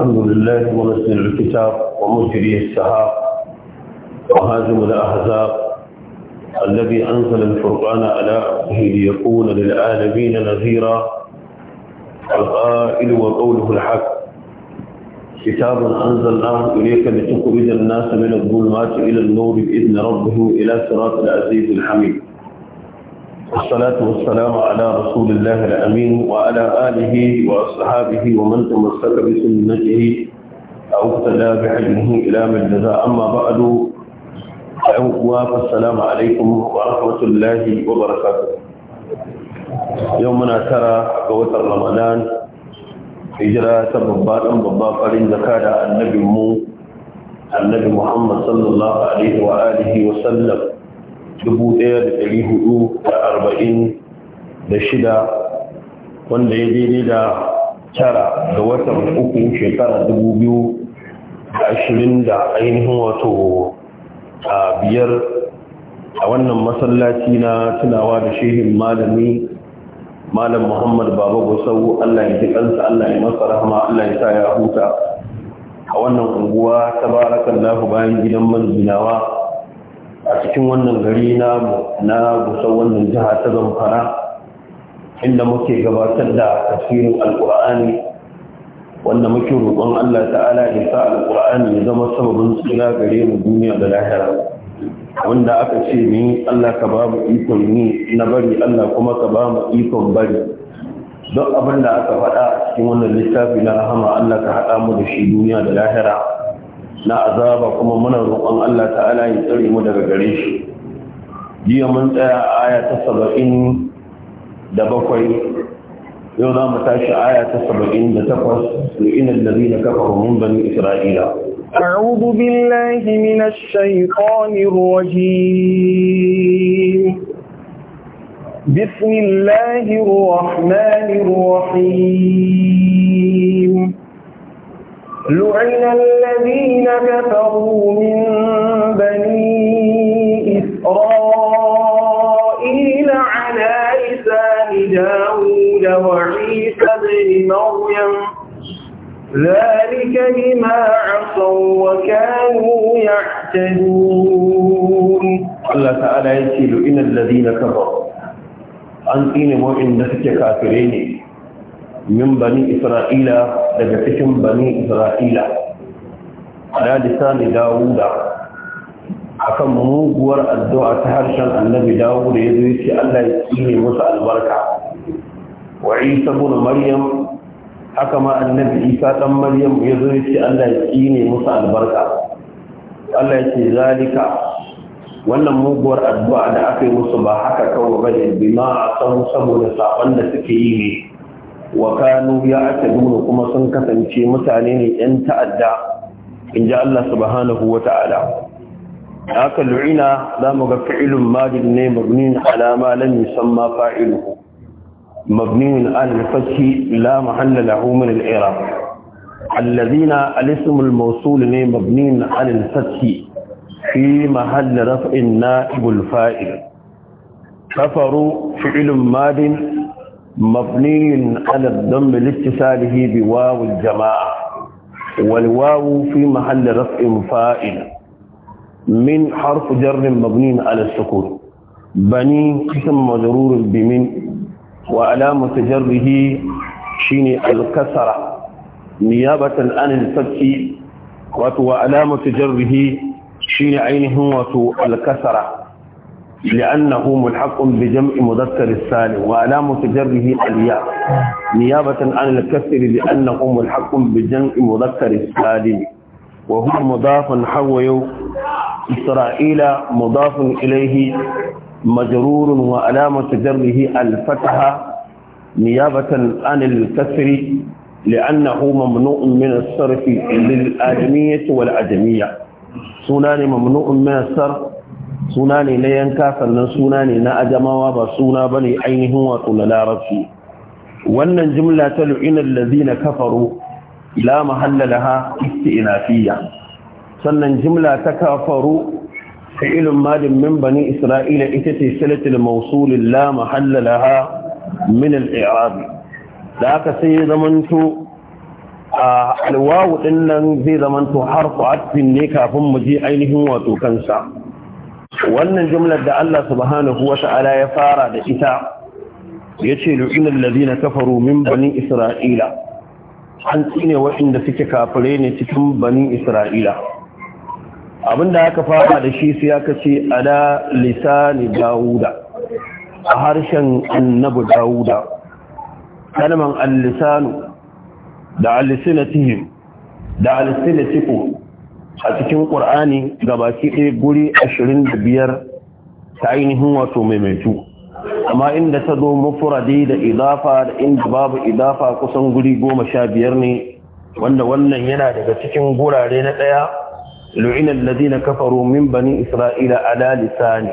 الحمد لله ومسل الكتاب ومجري السحاب وهازم الأحزاب الذي أنزل الفرقان على عبده ليكون للعالمين نذيرا القائل وقوله الحق كتاب أنزلناه إليك لتخرج الناس من الظلمات إلى النور بإذن ربه إلى صراط العزيز الحميد والصلاة والسلام على رسول الله الأمين وعلى آله وأصحابه ومن تمسك بسنته أو اقتدى بحجمه إلى من جزاء أما بعد فالسلام عليكم ورحمة الله وبركاته يومنا ترى قوة رمضان هجرة ببار أم ببار فلن زكاة النبي مو النبي محمد صلى الله عليه وآله وسلم shida wanda ya daidai da tara ga watan uku shekara biyu da ashirin da ainihin wato a biyar a wannan masallaci na tunawa da shehin malami malam muhammad baba gusau allah ya ji kansa allah ya masa rahama allah ya sa ya huta a wannan unguwa ta barakan bayan gidan manzinawa a cikin wannan gari namu na gusa wannan jiha ta zamfara inda muke gabatar da tafsirin alkur'ani wanda muke roƙon Allah ta'ala ya sa alkur'ani ya zama sababin tsira gare mu duniya da lahira wanda aka ce ni Allah ka ba mu ikon ni na bari Allah kuma ka ba mu ikon bari don abin da aka faɗa a cikin wannan littafi na rahama Allah ka haɗa mu da shi duniya da lahira na azaba kuma muna roƙon Allah ta'ala ya tsare mu daga gare shi jiya mun tsaya aya ta saba'in da bakwai yau za mu tashi aya ta saba'in da takwas su ina da zina kafa mun bani isra'ila أعوذ بالله من الشيطان الرجيم بسم الله الرحمن الرحيم لعن الذين كفروا من بني إسرائيل على لسان داود وعيسى بن مريم ذلك بما عصوا وكانوا يعتدون الله تعالى يسيل إن الذين كفروا أنتين وإن كافرين min isra'ila daga cikin bani isra'ila ala lisani dawuda akan muguwar addu'a ta harshen annabi dawuda ya zo ya ce Allah ya tsine musu albarka wa isa ibn maryam haka ma annabi isa dan maryam ya zo ya Allah ya musu albarka Allah ya ce zalika wannan muguwar addu'a da aka yi musu ba haka kawai bane bima a san saboda saban da suke yi ne wa kanu ya aka kuma sun kasance mutane ne 'yan ta'adda Inji Allah subhanahu wa ta'ala aka lu'ina za mu ga fa’ilun majin ne mabnin alama lam musamman fa’ilu mabnin alifashi la mahalla lahumin al’ira allazina alisumul mausul ne mabnin alifashi fi mahalla rafa'in na ibul fa’il kafaru fi’ilun majin مبني على الضم لاتصاله بواو الجماعة والواو في محل رفع فائل من حرف جر مبني على السكون بني قسم مجرور بمن وعلامة جره شين الكسرة نيابة عن الفتح وعلامة جره شين عينه وتو الكسره لأنه ملحق بجمع مذكر السالم وعلامة متجره الياء نيابة عن الكسر لأنه ملحق بجمع مذكر السالم وهو مضاف حوي إسرائيل مضاف إليه مجرور وعلامة متجره الفتحة نيابة عن الكسر لأنه ممنوع من الصرف للآدمية والعجمية سنان ممنوع من الصرف suna ne na yanka sannan suna ne na ajamawa ba suna ba ne ainihin wato na larabci wannan jimla ta lu'inar lazina kafaru la mahallalaha isti'nafiya sannan jimla ta kafaru fi'ilun madin min bani isra'ila ita ce silatul mawsulin la mahallalaha min al da aka sai zamanto a alwawu din nan zai zamanto harfu ne kafin mu je ainihin wato kansa wannan jumlar da Allah subhanahu wa ta'ala ya fara da ita yace lu'inal ladina kafaru min banin isra'ila an tsine waɗanda suke kafire ne cikin banin isra'ila abinda aka fara da shi su aka ce ala lisani Dawuda, a harshen annabi Dawuda, kalman al-lisanu da al-sinatihim da al-sinatikum a cikin ƙur'ani gabaki ɗaya guri ashirin da biyar ta ainihin wato maimaitu amma inda ta zo mufuradi da idafa da inda babu idafa kusan guri goma sha biyar ne wanda wannan yana daga cikin gurare na ɗaya lu'inan ladina kafaru min bani isra'ila ala lisani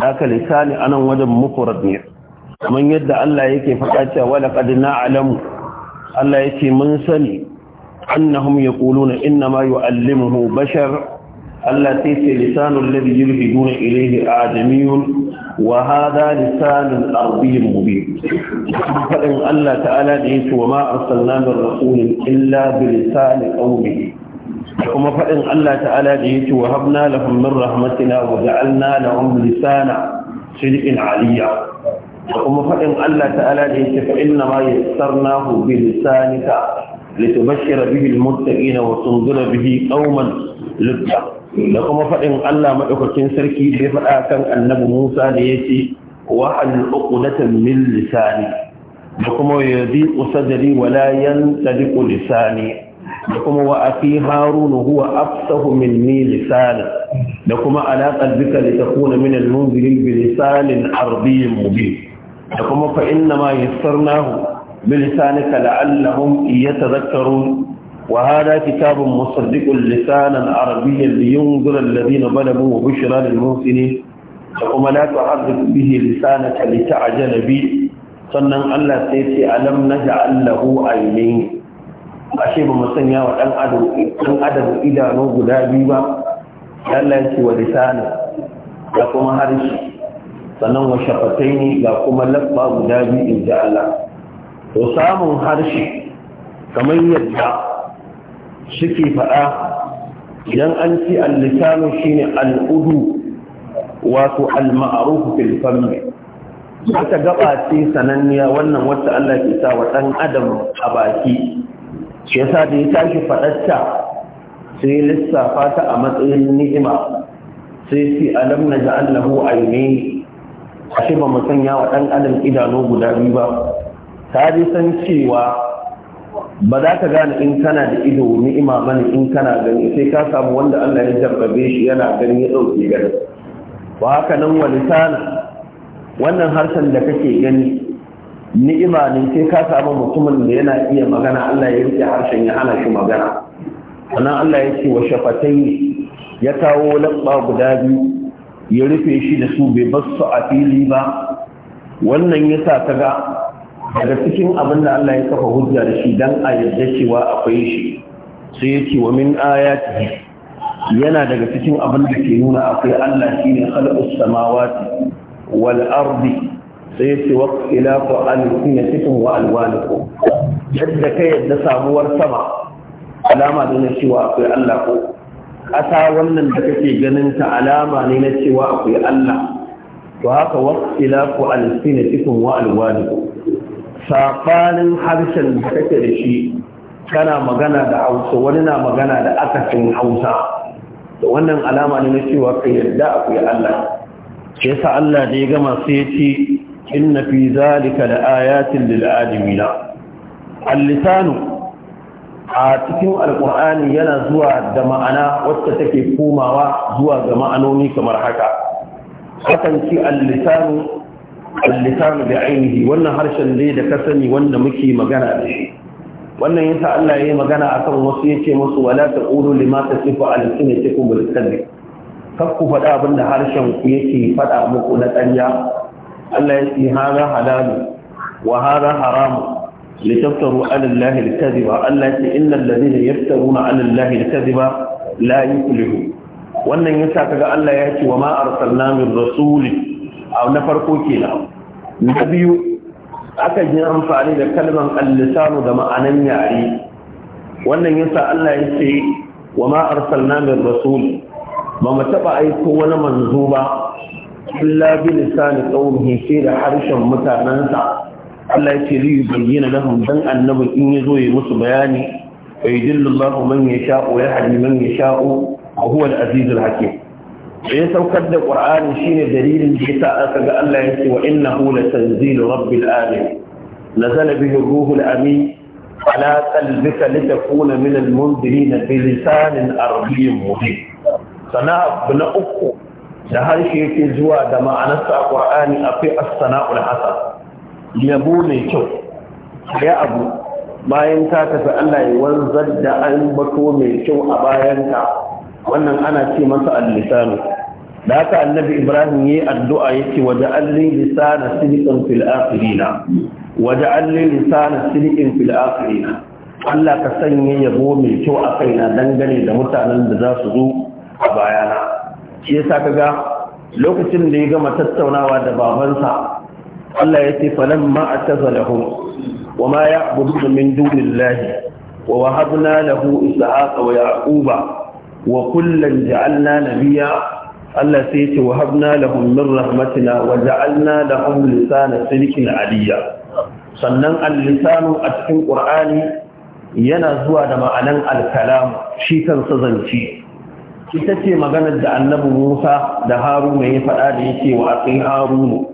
haka lisani anan wajen mufurad ne kamar yadda Allah yake faɗa cewa laqad alamu, Allah yake mun sani annahum yaquluna inna ma yu'allimuhu bashar Allah sai ce lisanul ladhi yulhiduna ilayhi adamiyun wa hadha lisanul arabiyyun mubin fadin Allah ta'ala da yake wa ma arsalna min rasulin illa bi lisani qaumihi kuma fadin Allah ta'ala da yake wa habna lahum min rahmatina wa ja'alna lahum lisana sidqin aliyya kuma fadin Allah ta'ala da yake fa inna ma yassarnahu bi lisanika litubashshira bihi almuttaqina wa tunzira bihi qauman lutta da kuma fadin Allah madaukakin sarki bai fada kan annabi Musa da yace wa an uqdata min lisani da kuma yadi usadri wa la yantadi lisani da kuma wa afi harun huwa afsahu minni lisani da kuma ala qalbika litakuna min almunzirin bi lisanin arbiy mubin da kuma fa inna ma بلسانك لعلهم يتذكرون وهذا كتاب مصدق لسانا عربيا لينذر الذين ظلموا وبشرى للمحسنين فقم لا تعرف به لسانك لتعجل به sannan Allah sai ce alam naj'al lahu aynayn ashe ba mu sanya wa dan adam idanu guda biyu ba Allah ce wa lisana da kuma harshe sannan wa shafataini ga kuma labba guda biyu inda Allah to samun harshe kamar yadda suke faɗa idan an ci al-lisanu shine al-udu wato al-ma'ruf fil fanni wata gaba ce sananniya wannan wacce Allah ke sa wa ɗan adam a baki shi yasa da ya tashi faɗarta sai lissafa ta a matsayin ni'ima sai fi alam na ja'allahu aini ashe ba mu sanya wa ɗan adam idanu guda biyu ba ta ji san cewa ba za ka gane in kana da ido ni'ima bane in kana gani sai ka samu wanda Allah ya jarrabe shi yana gani ya dauke gani wa haka nan wa lisana wannan harshen da kake gani ni'ima ne sai ka samu mutumin da yana iya magana Allah ya rike harshen ya hana shi magana sannan Allah ya ce wa shafatai ya kawo labba guda biyu ya rufe shi da su bai bar a fili ba wannan yasa ta ga daga cikin abin da Allah ya kafa hujja da shi dan a yadda cewa akwai shi sai yake wa min ayati yana daga cikin abin da ke nuna akwai Allah shine khalqus samawati wal ardi sai yake wa ilahu cikin wa alwanikum yadda kai yadda samuwar sama alama ne na cewa akwai Allah ko ƙasa wannan da kake ganin ta alama ne na cewa akwai Allah to haka wa ilahu cikin wa alwanikum saɓanin harshen da kake da shi kana magana da hausa wani na magana da akasin hausa da wannan alama ne na cewa ka yarda akwai Allah shi sa Allah da ya gama sai ya ce na fi zalika la ayatin lil alamin al-lisanu a cikin alqur'ani yana zuwa da ma'ana wacce take komawa zuwa ga ma'anoni kamar haka hakan ci al-lisanu al-lisanu bi ainihi wannan harshen ne da ka sani wanda muke magana da shi wannan yasa Allah yayi magana akan wasu yace musu wala taqulu lima tasifu al-sinatikum bil-kadhib kar ku faɗa abin da harshen ku yake faɗa muku na ƙarya Allah ya ce hada halalu wa hada haramu litaftaru ala Allah al-kadhiba Allah ya ce innal ladina yaftaruna ala Allah al-kadhiba la yuflihu wannan yasa kaga Allah ya ce wa ma arsalna min rasulin a na farko kenan na biyu aka yi amfani da kalmar al-lisanu da ma'anan yare wannan yasa Allah ya ce wa ma arsalna min rasul ba mu taba aiko wani manzo ba illa bi lisani qawmihi sai da harshen mutanansa Allah ya ce li bayyana lahum dan annabi in yazo ya musu bayani fa yudillu Allahu man yasha'u wa yahdi man yasha'u wa huwa al-aziz hakim da ya saukar da ƙur'ani shine dalilin da yasa aka ga Allah ya ce wa innahu latanzilu rabbil alamin nazala bihi ruhul amin ala qalbika litakuna min al mundirin bi lisanin arabiyyin mubin sana abu na uku da harshe yake zuwa da ma'anarsa a ƙur'ani akwai as-sana'ul hasan yabo mai kyau ya abu bayan ka tafi Allah ya wanzar da an bato mai kyau a bayan ka wannan ana ce masa al-lisanu da haka annabi ibrahim yi addu'a yake waje alli lisana sidiqin fil akhirina waje alli lisana sidiqin fil akhirina Allah ka sanya yabo mai kyau a kaina dangane da mutanen da za su zo a bayana shi yasa ga? lokacin da ya gama tattaunawa da babansa Allah ya ce falan ma atazalahum wa ma ya'budu min dunillahi wa wahabna lahu ishaqa wa yaquba wa kullan ja'alna nabiyya Allah sai ya ce wa habna lahum min rahmatina wa ja'alna lahum lisana silkin aliyya sannan al-lisanu a cikin Qur'ani yana zuwa da ma'anan al-kalam shi kansa zance ita ce maganar da annabi Musa da Haruna ya faɗa da yake wa aqi Harunu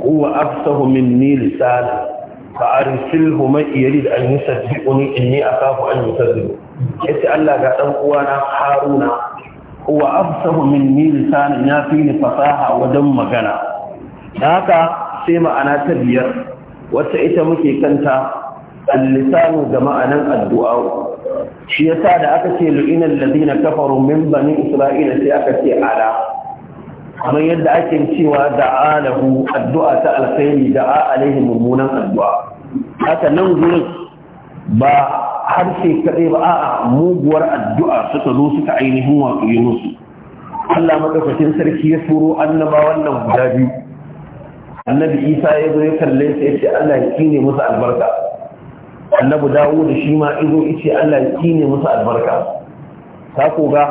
huwa afsahu minni lisana fa arsilhu ma yarid an yusaddiquni inni akafu an yusaddiqu yace Allah ga dan uwana Haruna wa afsahu minni lisanan ya fi ni fasaha wajen magana da haka sai ma'ana ta biyar wacce ita muke kanta al-lisanu da ma'anan addu'a shi yasa da aka ce lu'ina alladhina kafaru min bani isra'ila sai aka ce ala kamar yadda ake cewa da'alahu addu'a ta alkhairi da'a alaihi mummunan addu'a haka nan gurin ba harshe kaɗai ba a'a muguwar addu'a suka zo suka ainihin wato yi musu Allah madaukakin sarki ya turo annaba wannan guda biyu annabi Isa ya zo ya kalle sai ya ce Allah ya kine musu albarka annabi dawo da shi ma izo ya ce Allah ya kine musu albarka ta ko ga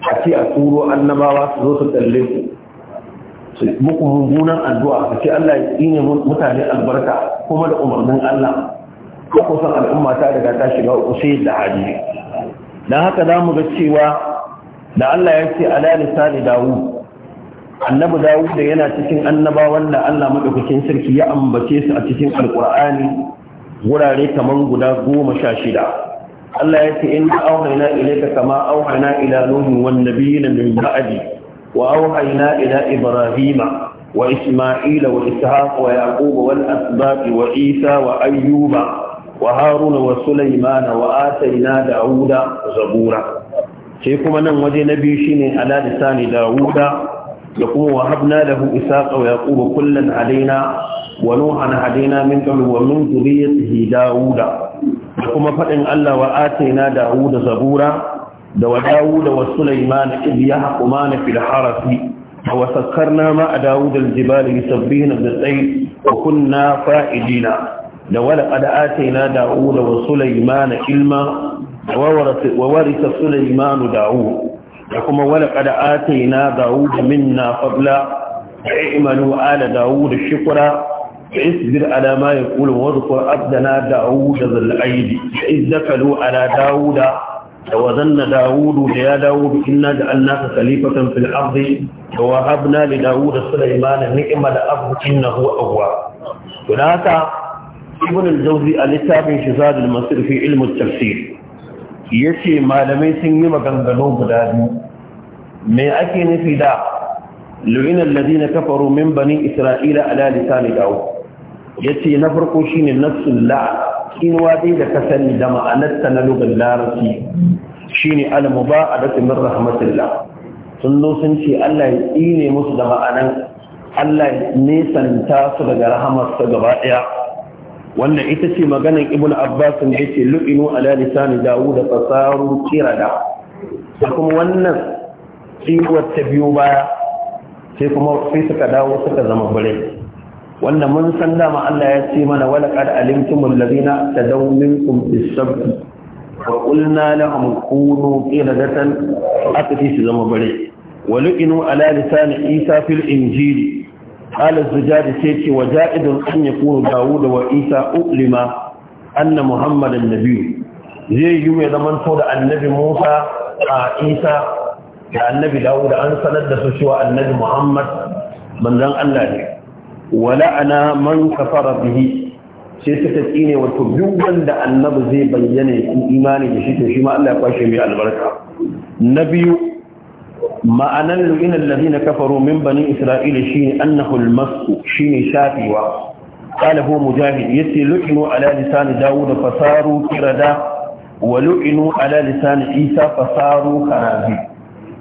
a ce a turo annabawa su zo su kalle ku muku mummunan addu'a ka ce Allah ya kine mutane albarka kuma da umarnin Allah ko kusan al'umma ta daga ta shiga uku sai da hali haka za mu ga cewa da Allah ya ce ala lisani dawu annabi dawu da yana cikin annabawan da Allah madaukakin sarki ya ambace su a cikin Alƙur'ani, wurare kaman guda goma sha shida Allah ya ce in auhayna ilayka kama auhaina ila nuhin wan nabiyina min ba'di wa auhaina ila ibrahima وإسماعيل وإسحاق wa والأسباط وعيسى Ayyuba. wa haruna wa sulaimana wa ataina zabura sai kuma nan waje na biyu shine ala lisani dauda da kuma wahabna lahu isaqa wa yaquba kullan alaina wa nuhan hadaina min qabl wa min dhurriyyatihi dauda da kuma fadin Allah wa ataina dauda zabura da wa dauda wa sulaimana idh yahqumana fil harafi وسكرنا مع داود الجبال يسبهن بالطير وكنا fa'idina. da wala qad atayna da'uda wa sulaymana ilma wa warisa sulaymanu da'ud da kuma wala qad atayna da'uda minna fadla i'malu ala da'ud shukra isbir ala ma yaqulu wa dhkur abdana da zal da izzakalu ala da'uda da داود يا داود إنا جعلناك خليفة في الأرض ووهبنا لداود سليمان نعم الأرض إنه أواب هناك ibn al-jawzi a littafin shi zadul masir fi ilmin tafsir yace malamai sun yi maganganu guda biyu me ake nufi da lu'ina alladhina kafaru min bani isra'ila ala lisan daud yace na farko shine nafsul la kinwa dai da kasani da ma'anar ta na lugal larabci shine al-muba'adatu min rahmatillah sun zo sun ce Allah ya tsine musu da ma'anar Allah ya nesanta su daga rahamarsa gaba ɗaya wanda ita ce maganin ibn abbas da yake lu'inu ala lisan daud da fasaru kirada kuma wannan ciwon ta biyo baya sai kuma sai suka dawo suka zama bare wanda mun san dama Allah ya ce mana wala qad alimtum alladhina tadaw minkum bis-sabt wa qulna lahum kunu qiradatan akati su zama bare wa lu'inu ala lisan isa fil injili qala zujadi sai ce wa ja'idun an yakunu dawud wa isa ulima anna muhammadan nabiy zai yi mai zaman to da annabi musa a isa da annabi dawud an sanar da su cewa annabi muhammad manzan allah ne wala'ana man kafara bihi sai suka tsine wato duk wanda annabi zai bayyana su imani da shi to shi ma Allah ya kwashe mai albarka na biyu ma'anar lu'inan lalina kafaru min bani isra'ila shi ne annahul masu shi ne shafewa ƙalahu mujahid ya ce lu'inu ala lisani dawo da fasaru kirada wa lu'inu ala lisani isa fasaru karabi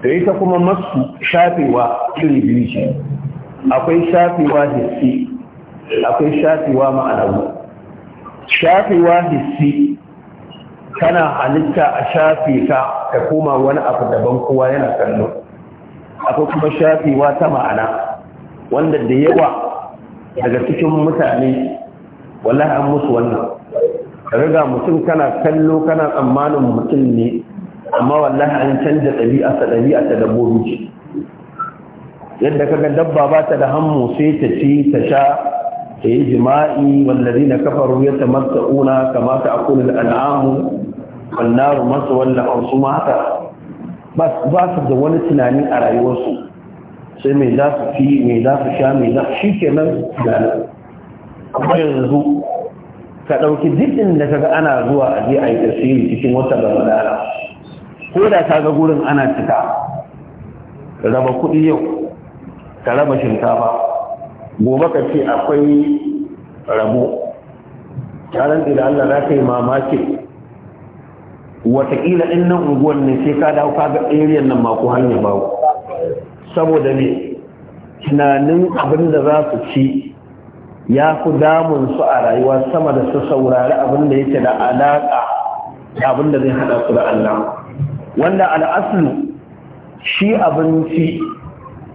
da ita kuma masu shafewa iri biyu ce akwai shafewa hissi akwai shafewa ma'anawi shafewa hissi kana halitta a shafe ka ka koma wani abu daban kowa yana kallon. akwai kuma shafewa ta ma'ana wanda da yawa daga cikin mutane wallahi an musu wannan riga mutum kana kallo kana tsammanin mutum ne amma wallahi an canja ɗabi'a ta ɗabi'a ta dabbobi yadda kaga dabba ba ta da hannu sai ta ci ta sha ta yi jima'i wallazi na kafaru ya tamatta'una kamata ta akulu al'amu wannan masu wallah su mata ba su da wani tunani a rayuwarsu sai mai za su fi mai za su sha mai za shi ke nan tunanin kuma yanzu ka ɗauki dukkan da kaga ana zuwa a je a yi tasiri cikin wata ramadana ko da ka ga gurin ana cika raba kuɗi yau ka raba shinkafa gobe ka ce akwai rabo taron da Allah za ka yi mamaki wataƙila ɗin nan unguwan ne sai ka dawo ka ga ariyan nan mako hanya ba saboda ne tunanin abin da za su ci ya fi damun su a rayuwa sama da su saurari abin da yake da alaƙa da abin da zai haɗa su da Allah wanda al'aslu shi abinci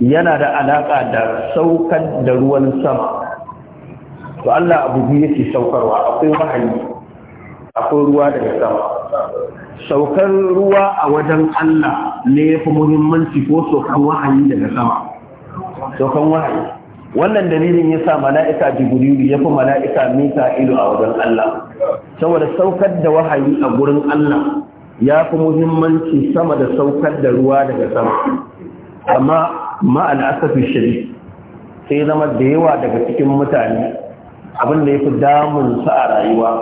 yana da alaƙa da saukar da ruwan sama to Allah abu biyu yake saukarwa akwai wahayi akwai ruwa daga sama saukar ruwa a wajen Allah ne ya fi muhimmanci ko saukan wahayi daga sama saukan wahayi wannan dalilin ya sa mala'ika jibrilu ya fi mala'ika mita ido a wajen Allah saboda saukar da wahayi a gurin Allah ya fi muhimmanci sama da saukar da ruwa daga sama amma ma’an asafi shiri sai zama da yawa daga cikin mutane abin da ya fi damun sa a rayuwa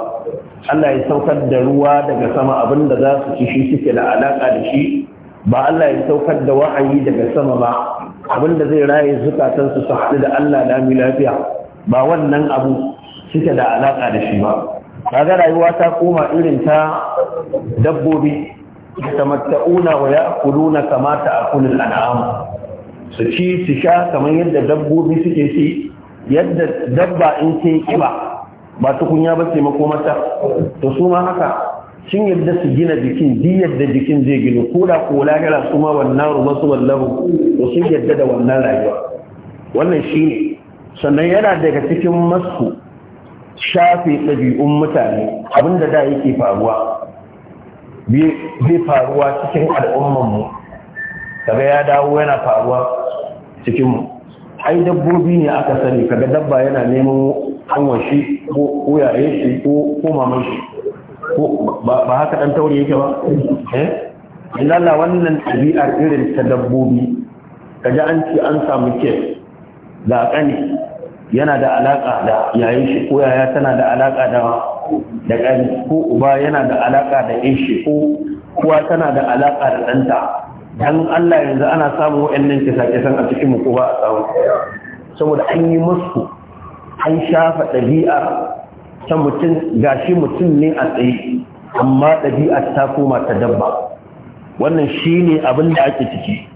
Allah ya saukar da ruwa daga sama abin da za su ci shi suke da alaka da shi ba Allah ya saukar da wa'ayi daga sama ba abin da zai raye zukatan su su haɗu da Allah mi lafiya ba wannan abu suke da alaka da shi ba kaga rayuwa ta koma irin ta dabbobi yatamatta'una wa ya'kuluna kama ta'kulu al-an'am su ci su sha kamar yadda dabbobi suke ci yadda dabba in ce kiba ba tukunya ba ce makomata to su ma haka sun yadda su gina jikin diyar da jikin zai gino ko da ko lahira su ma wannan ruwa su wallahu to sun yadda da wannan rayuwa wannan shi ne. sannan yana daga cikin masu shafe ɗabi'un mutane abinda da yake faruwa bai faruwa cikin al'ummanmu kaga ya dawo yana faruwa cikinmu ai dabbobi ne aka sani kaga dabba yana neman kanwan ko yaye shi ko ko mama shi ko ba haka dan taure yake ba eh in Allah wannan tabi'ar irin ta dabbobi kaji an ci an samu ke da kani yana da alaka da yaye shi ko yaya tana da alaka da da kani ko uba yana da alaka da ƴan shi ko kuwa tana da alaka da danta dan Allah yanzu ana samun wa'annan kisa kisan a cikin mu ko ba a samu saboda an yi musu an shafa ɗabi'a ta mutum gashi mutum ne a tsaye amma ɗabi'a ta koma ta dabba wannan shi ne abin da ake ciki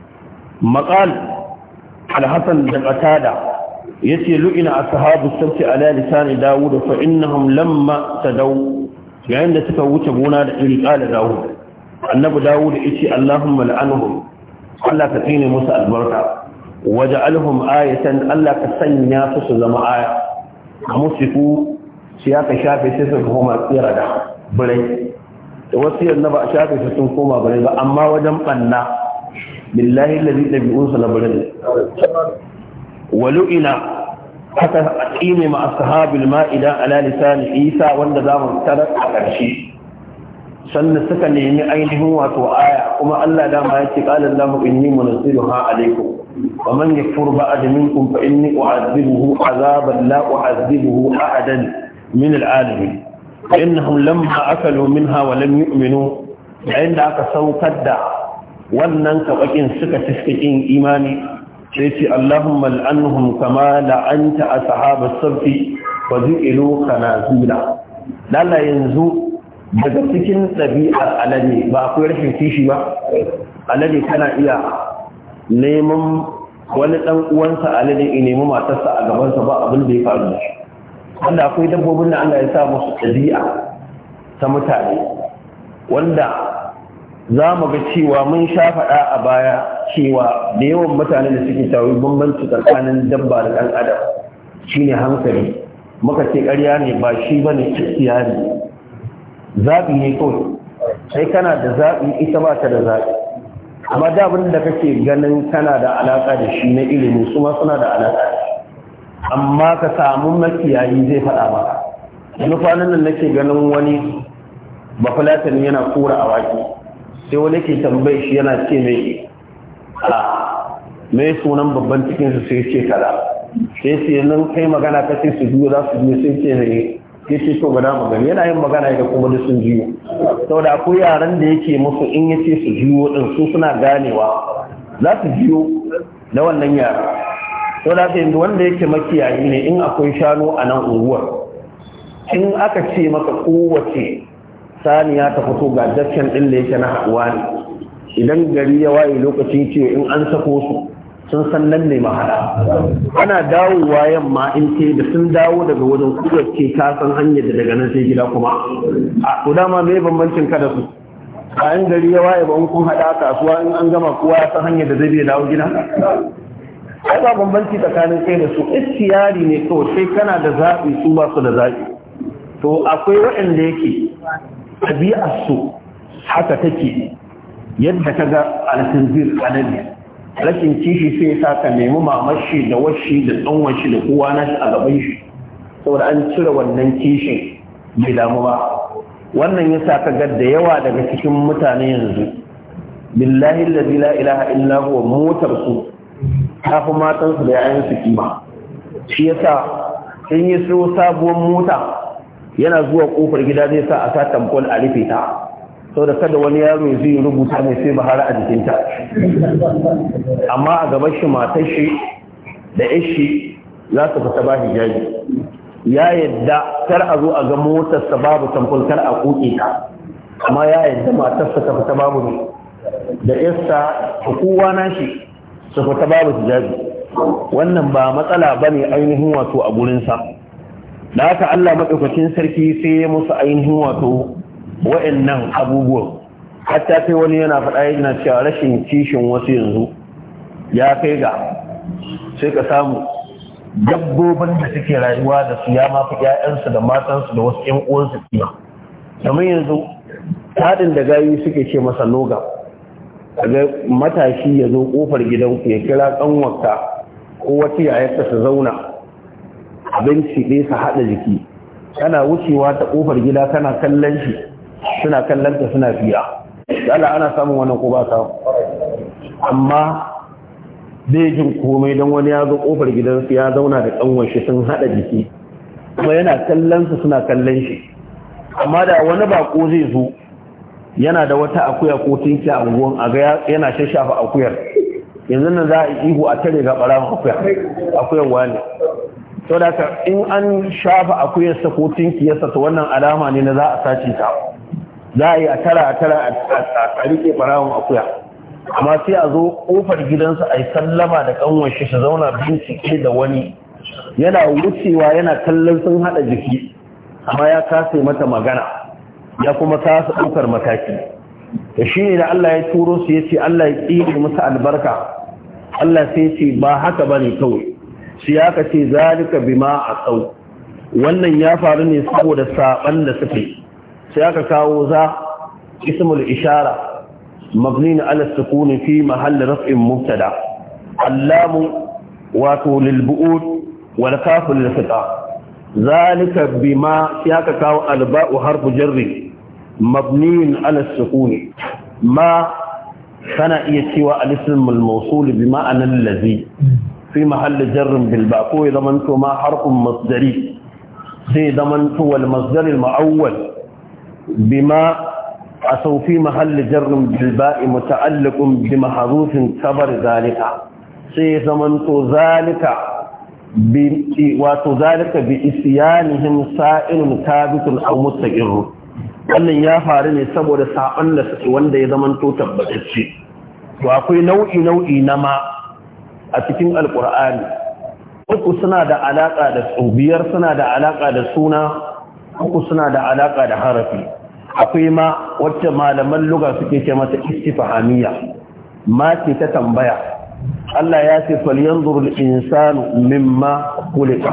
maƙal alhassan da ƙatada ya ce lu'ina a sahabu sabti ala lisani dawo da fa'innahum lamma ta dau yayin da suka wuce gona da iri ƙala dawo annabi dawo da ce, allahumma la'anuhum allah ka tsine musu albarka waje alhum ayatan allah ka sanya su su zama aya a musiku sai aka shafe sai suka koma tsira da birai da wasu yanzu ba a shafe su sun koma birai ba amma wajen ɓanna billahi lalli ɗabi'unsa na birai walu'ina haka a tsine ma ashabil ma'ida ala lisan isa wanda zamu tarar a ƙarshe sannan suka nemi ainihin wato aya kuma Allah dama ya ce qala Allahu inni munazziluha alaykum wa man yakfur ba'd minkum fa inni u'adhibuhu azaban la u'adhibuhu ahadan min al'alamin innahum lamma akalu minha wa lam yu'minu yayin da aka saukar da wannan kabakin suka tiskakin imani sai ce Allahumma al'anhum kama la'anta ashabas safi wa zu'ilu kanazila lalla yanzu daga cikin ɗabi'ar alade ba akwai rashin kishi ba alade kana iya neman wani ɗan uwansa alade in nemi matarsa a gabansa ba abin da ya faru da shi wanda akwai dabbobin da Allah ya sa musu ɗabi'a ta mutane wanda za mu ga cewa mun sha faɗa a baya cewa da yawan mutane da suke tawo bambanci tsakanin dabba da ɗan adam shine hankali muka ce ƙarya ne ba shi bane ne zaɓi ne kawai sai kana da zaɓi ita ba ta da zaɓi amma da abin da kake ganin kana da alaƙa da shi na ilimi su ma suna da alaƙa amma ka samu makiyayi zai faɗa maka wani kwanan nan nake ganin wani bafulatan yana kura waki, sai wani ke tambaye shi yana ce mai a mai sunan babban cikin su sai ce kaza sai sai nan kai magana kace su biyu za su biyu sai ce mai ya ce so gada magani yana yin magana da kuma da sun jiyo da akwai yaran da yake musu in ya ce su jiyo din su suna ganewa za su jiyo da wannan yara Sau da haka yanzu wanda yake makiyayi ne in akwai shanu a nan unguwar in aka ce maka kowace saniya ta fito ga dakken ɗin da yake na haɗuwa ne idan gari ya waye lokacin cewa in an sako su sun san nan ne mahara ana dawowa yamma in ce da sun dawo daga wajen ce ta san hanyar da daga nan sai gida kuma a to me bambancin ka su a bayan gari ya waye ba in kun hada kasuwa in an gama kowa ya san hanyar da zai bai dawo gida ai ba bambanci tsakanin kai da su istiyari ne kawai sai kana da zaɓi su ba su da zaɓi to akwai waɗanda yake ɗabi'ar su haka take yadda ta ga alkanzir kanabi rashin kishi sai sa ka nemi mamashi da washi da tsawonshi, shi da kowa na shi a gaban shi saboda an cire wannan kishin bai damu ba wannan yasa ka ga da yawa daga cikin mutane yanzu billahi allazi la ilaha illa huwa motar su ta fi matan da 'ya'yansu su kima shi ya sa in yi so sabuwar mota yana zuwa kofar gida zai sa a sa tamkol a rufe ta sau da kada wani yaro zai rubuta mai sai bahara a jikinta amma a gaban shi matar shi da ishi za su fita ba hijabi ya yadda kar a zo a ga motarsa babu tamfol kar a kuke ta amma ya yadda matarsa ta fita babu ne da yasta kowa na shi su fita babu hijabi wannan ba matsala ba ne ainihin wato a gurinsa da haka Allah maɗaukacin sarki sai ya musu ainihin wato wa'annan abubuwan hatta sai wani yana faɗa yana cewa rashin kishin wasu yanzu ya kai ga sai ka samu dabbobin da suke rayuwa da su ya mafi ƴaƴansu da matansu da wasu ƴan uwansu kima kamar yanzu tadin da gayu suke ce masa noga ga matashi ya zo kofar ku ya kira kanwarka ko wata yayarka su zauna abinci ɗaya su haɗa jiki kana wucewa ta ƙofar gida kana kallon shi suna kallanta suna fiya Allah ana samun wannan ko ba ka. amma zai jin komai don wani ya zo kofar gidansu ya zauna da kanwan shi sun hada jiki kuma yana kallon su suna kallon shi amma da wani bako zai zo yana da wata akuya ko tinki a unguwan a ga yana shashafa akuyar yanzu nan za a ihu a tare ga barawan akuya akuyar wani sau da in an shafa akuyarsa ko tinkiyarsa to wannan alama ne na za a sace ta za a yi a tara a tara a rike barawon akuya amma sai a zo kofar gidansa a yi sallama da kanwar shi su zauna bincike da wani yana wucewa yana kallon sun hada jiki amma ya kasa mata magana ya kuma kasa ɗaukar mataki da shi ne da Allah ya turo su ya ce Allah ya ƙiri musu albarka Allah sai ce ba haka ba ne kawai su ya ka ce zalika bima a tsau wannan ya faru ne saboda saban da suke sai aka kawo za ismul ishara mabnin ala sukuni fi mahall raf'in mubtada allamu wato lil buud wal kaf lil fata zalika bima sai aka kawo alba'u ba'u harfu jarri mabnin ala sukuni ma kana iya cewa al ismul mawsul bima an allazi fi mahall jarr bil ba ko idan to ma harfun masdari sai zaman tuwal masdar al بما أسو في محل جر بالباء متعلق بمحروف صبر ذلك zalika. ذلك وتذلك بإسيانهم سائل ثابت أو مستقر wannan ya faru ne saboda saɓon da suke wanda ya zama to tabbatacce to akwai nau'i nau'i na ma a cikin alkur'ani uku suna da alaƙa da tsubiyar suna da alaƙa da suna uku suna da alaƙa da harafi akwai ma wacce malaman lugar suke ce mata istifahamiya ma ce ta tambaya Allah ya ce falyanzur al-insanu mimma Ta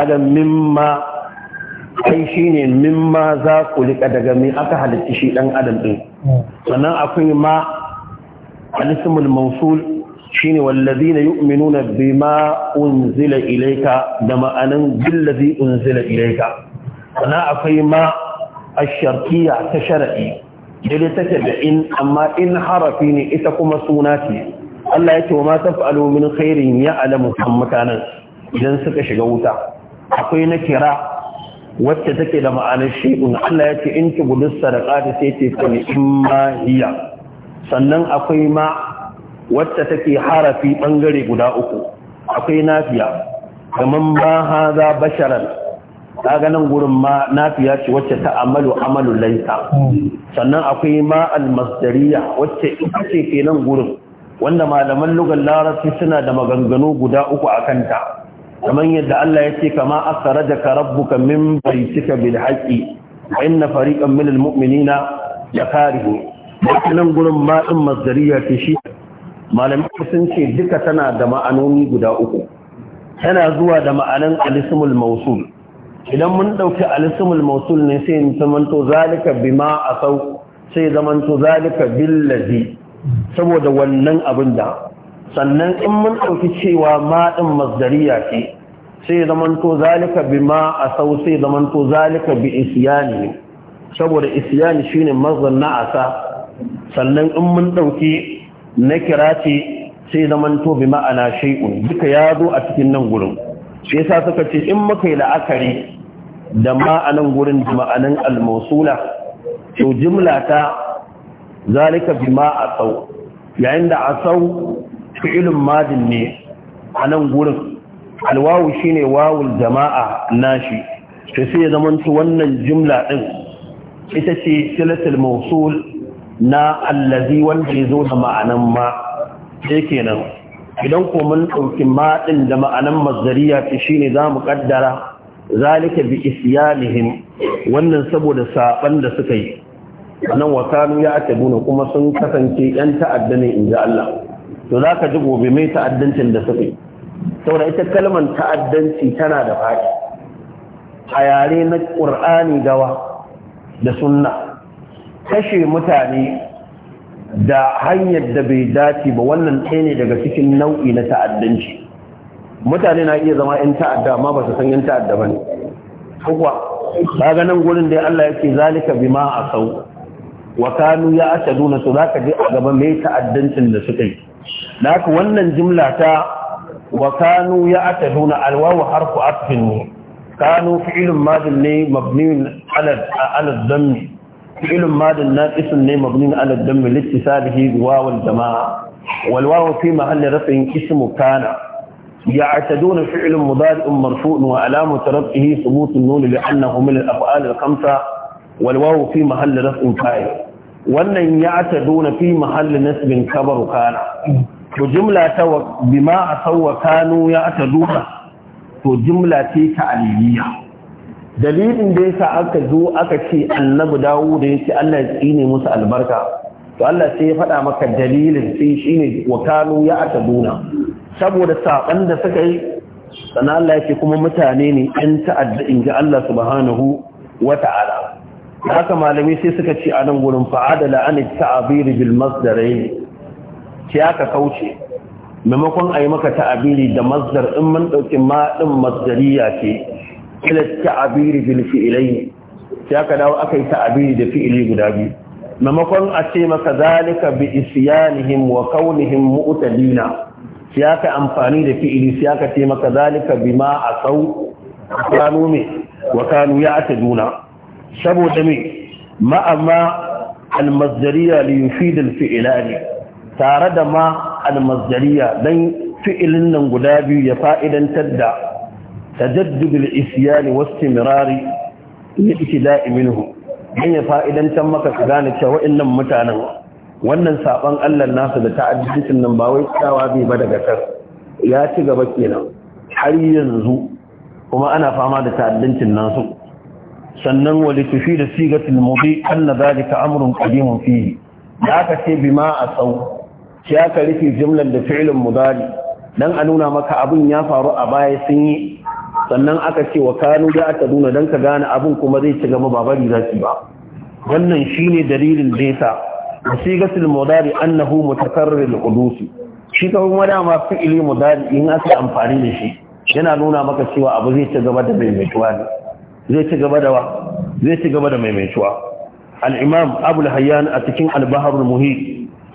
kaga mimma ai shine mimma za kulika daga mai aka halitta shi dan adam ɗin. sannan akwai ma al-ismul mawsul shine wallazina yu'minuna bima unzila ilaika da ma'anan billazi unzila ilaika. sannan akwai ma asharkiya ta shara'i daidai take da in amma in harafi ne ita kuma suna ce Allah ya ce wa ma taf'alu min khairin ya alamu mutanen idan suka shiga wuta akwai na kira wacce take da ma'anar shi'un Allah ya ce in tubulus sadaqati sai ce in imma hiya sannan akwai ma wacce take harafi bangare guda uku akwai nafiya kaman ma haza basharan kaga nan gurin ma nafiya ce wacce ta amalu amalu laisa sannan akwai ma almasdariya wacce ita ce ke nan gurin wanda malaman lugar larabci suna da maganganu guda uku a kanta kamar yadda Allah ya ce kama akhrajaka rabbuka min baytika bil haqqi wa inna fariqan min al mu'minina yakarihu nan gurin ma din masdariya ce shi malamai sun ce duka tana da ma'anoni guda uku tana zuwa da ma'anan alismul mausul idan mun ɗauki alisimul mausul ne sai in zamanto zalika bima a sau sai zamanto zalika billazi saboda wannan abin da sannan in mun ɗauki cewa maɗin masdariya ce sai zamanto zalika bima a sau sai zamanto zalika bi isyani saboda isyani shine mazan asa, sannan in mun ɗauki na kira ce sai zamanto bi ma'ana shay'un duka ya a cikin nan gurin shi yasa suka ce in muka yi la'akari da ma'anan gurin jima'anin al-mawsula to jimla ta zalika bima asau yayin da asau fi'ilun madin ne a nan gurin alwawu shine wawul jama'a nashi to sai ya zamanto wannan jimla din ita ce silatul mawsul na allazi wanda ya zo da ma'anan ma sai kenan idan ko mun ɗauki maɗin da ma'anan ta ce shine za mu ƙaddara zalika bi isyanihim wannan saboda saɓan da suka yi nan wa kanu ya atabuna kuma sun kasance yan ta'adda ne inji Allah to zaka ji gobe mai ta'addancin da suka yi saboda ita kalmar ta'addanci tana da faɗi a yare na ƙur'ani gawa da sunna kashe mutane da hanyar da bai dace ba wannan ɗaya ne daga cikin nau'i na ta'addanci mutane na iya zama 'yan ta'adda amma ba su san 'yan ta'adda ba ne kuwa ba ga nan gurin da Allah yake zalika ma a sau wa kanu ya ashaduna to ka je a gaba mai ta'addancin da suka yi da haka wannan jimla ta wa kanu ya ashaduna alwawu harfu atfin ne kanu fi'ilun majin ne mabniun alad ala فعل ماد ناقص مبني على الدم لاتصاله بواو الجماعة والواو في محل رفع اسم كان يعتدون فعل مضارع مرفوع وعلامة رفعه ثبوت النون لأنه من الأفعال الخمسة والواو في محل رفع فاعل wannan ya ta dona fi mahallin nasibin kabar kana to jumla ta bima asawa kanu ya ta dona to jumla ce ta aliyya dalilin da yasa aka zo aka ce annabi dawo da ce Allah ya tsine musu albarka to Allah sai ya faɗa maka dalilin sai shine wa ya ataduna saboda saban da suka yi sannan Allah yake kuma mutane ne ɗan ta'adda in ji Allah subhanahu wa ta'ala haka malami sai suka ce a nan gurin fa'adala an ta'abiri bil masdarai ki aka kauce maimakon a yi maka ta'abiri da masdar in mun ɗauki ma ɗin masdariya ce ila ta'abiri bil fi'layn sai aka dawo aka yi ta'abiri da fi'ili guda biyu maimakon a ce maka zalika bi isyanihim wa kaunihim mu'tadina sai aka amfani da fi'ili sai aka ce maka zalika bima asau kanu me wa kanu ya'taduna saboda me ma amma al-masdariya li yufid al-fi'lani tare da ma al-masdariya dan fi'ilin nan guda biyu ya fa'idantar da تجدد الإسيان واستمرار الابتداء منه hanya fa'idancan maka ka gane cewa waɗannan mutanen wannan saban Allah nasu da ta'addicin nan ba wai tsawa bai ba daga kar ya ci gaba kenan har yanzu kuma ana fama da ta'addincin nasu sannan wali tufi da sigatul mudi anna zalika amrun qadimun fihi da aka ce bima asau sai aka rufe jumlar da fi'lin mudari dan a nuna maka abin ya faru a baya sun yi sannan aka ce wa kanu da aka nuna don ka gane abin kuma zai ci gaba babari za ba wannan shine dalilin da yasa wasiqatul mudari annahu mutakarrir da shi ka kuma da ma fi'ili dari in aka amfani da shi yana nuna maka cewa abu zai ci gaba da maimaituwa ne zai ci gaba da wa zai ci gaba da maimaituwa al-imam abul hayyan a cikin al-bahr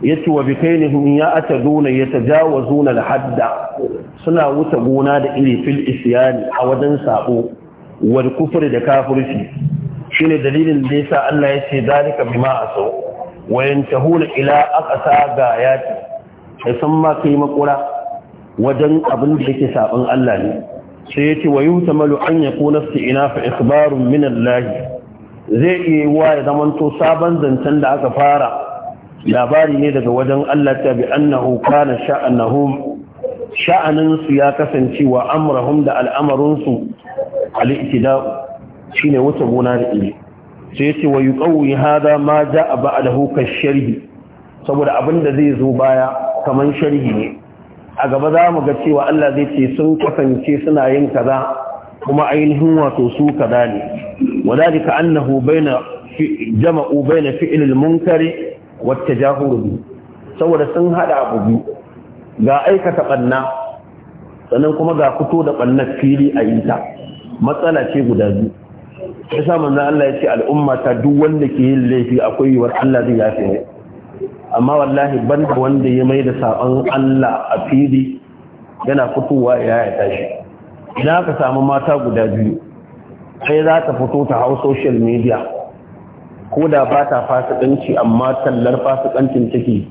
yace wa bikainihum ya ataduna yatajawazuna al-hadda suna wuce gona da iri fil isyani a wajen sabo wal kufri da kafirci shine dalilin da yasa Allah yace zalika bima aso wa yantahuna ila aqsa gayati sai san ma kai makura wajen abin da yake sabon Allah ne sai yace wa yutamalu an yakuna ina fa ikhbarun min Allah zai iya wa ya zamanto sabon zancen da aka fara labari ne daga wajen Allah ta bi annahu kana sha'anahum sha'anin su ya kasance wa amrahum da al'amarun su al-ittida shine wata gona da iri sai yace wa yuqawi hada ma ja'a ba'dahu sharhi? saboda abin da zai zo baya kaman sharhi ne a gaba za mu ga cewa Allah zai ce sun kasance suna yin kaza kuma ainihin wato su kaza ne wadalika annahu baina jama'u baina fi'l al-munkari Wacce jahuru saboda sun haɗa abu biyu ga aikata ɓanna sannan kuma ga fito da ɓannar fili a ita, matsala ce guda biyu ya sa manzan Allah ya ce al'umma ta duk wanda ke yin laifi akwai yiwuwar Allah zai yafe ne amma wallahi ban da wanda ya mai da saɓon Allah a fili yana fitowa ya ya tashi idan aka samu mata guda biyu sai za ta fito ta hau social media ko da ba ta fasikanci amma tallar fasikancin take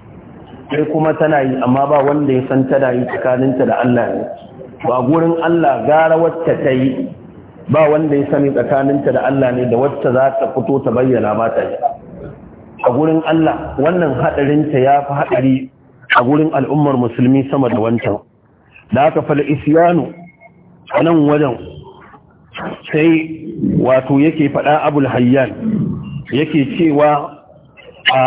sai kuma tana yi amma ba wanda ya san tana yi tsakaninta da Allah ne ba gurin Allah gara wacce ta yi ba wanda ya sani tsakaninta da Allah ne da wacce za ta fito ta bayyana ba ta yi a gurin Allah wannan ta ya fi hadari a gurin al'ummar musulmi sama da wancan da aka fal isyanu a nan wajen sai wato yake faɗa abul hayyan yake cewa a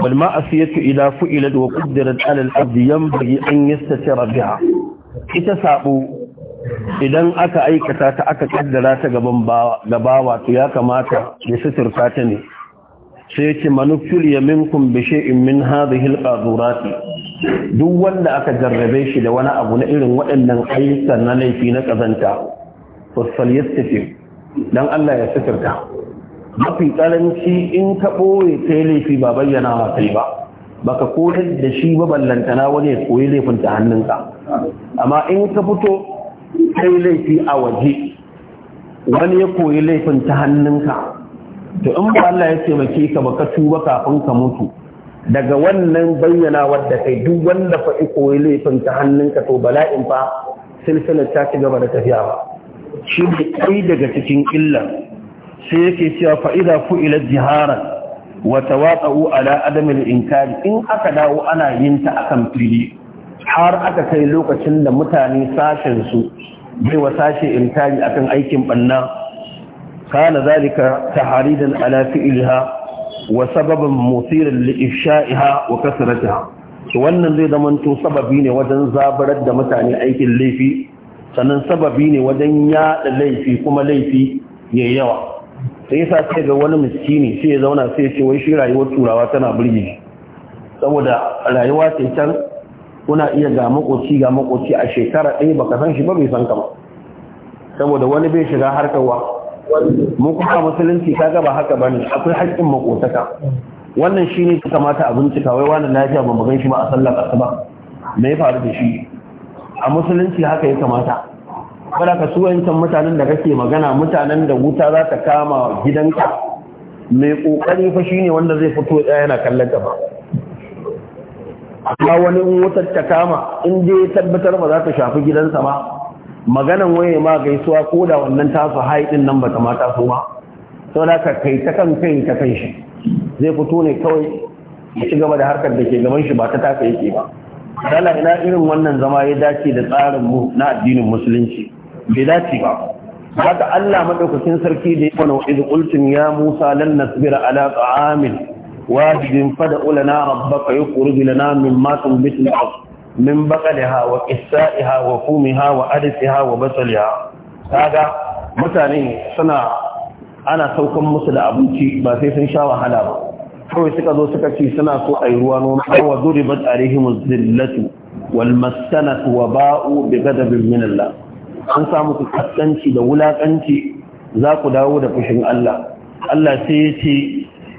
wal ma'asiyatu idza fu'ilat wa da 'ala al-abdi yanbaghi an yastatira rabi'a. ita sabo idan aka aikata ta aka kaddara ta gaban gaba ya kamata ya suturta ta ne sai ce manufil yaminkum kumbishe in min hadhihi zura qadurat duk wanda aka jarrabe shi da wani abu na irin waɗannan ayyukan na laifi na ƙazanta to dan Allah ya suturta mafi karanci in ka ɓoye sai laifi ba bayyana wa kai ba baka koyar da shi ba ballantana wani ya koyi laifin ta hannunka amma in ka fito kai laifi a waje wani ya koyi laifin ta hannunka to in ba Allah ya taimake ka baka tuba kafin ka mutu daga wannan bayyana wadda kai duk wanda fa koyi laifin ta hannunka to bala'in fa silsilar ta ci gaba da tafiya ba shi da kai daga cikin illar sai yake cewa fa'ida ku ila jiharan wa tawaqa'u ala adam inkari in aka dawo ana yin ta akan fili har aka kai lokacin da mutane sashen su bai wa sashe inkari akan aikin banna kana zalika taharidan ala fi'liha wa sababan musirin li'ishaiha wa kasratiha wannan zai zamanto sababi ne wajen zabarar da mutane aikin laifi sannan sababi ne wajen yaɗa laifi kuma laifi ya yawa sai yasa sai ga wani miskini sai ya zauna sai ya ce wai shi rayuwar turawa tana burge shi saboda rayuwa ce can kuna iya ga makoci ga makoci a shekara ɗaya baka san shi ba bai san ka ba saboda wani bai shiga harkar wa mu kuma musulunci ta gaba haka bane akwai haƙƙin makotaka wannan shine ta kamata a bincika wai wani lafiya ba mu gan shi ba a sallar asuba me ya faru da shi a musulunci haka ya kamata kada ka su wayancan mutanen da kake magana mutanen da wuta za ta kama gidanka mai kokari fa shine wanda zai fito ya yana kallon ka ba amma wani in wutar ta kama in dai tabbatar ba za ta shafi gidansa ba maganan waye ma gaisuwa ko da wannan tasu haidin nan ba ta ma taso ba da ka kai ta kan kai ta kan shi zai fito ne kawai ya ci gaba da harkar da ke gaban shi ba ta taka yake ba dala ina irin wannan zama ya dace da tsarin mu na addinin musulunci bai dace ba haka Allah madaukakin sarki da ya fana wa qultum ya Musa lan nasbira ala ta'amin واجد فدع لنا ربك يخرج لنا مما تنبت الارض من بقلها وقسائها وفومها وعدسها وبصلها هذا mutane suna ana saukan musu da abinci ba sai sun sha wahala ba kawai suka zo suka ce suna so a yi ruwa noma wa duribat alaihim zillatu wal maskanatu wa ba'u bi gadabin min Allah an samu muku kaskanci da wulakanci za ku dawo da fushin Allah Allah sai ya ce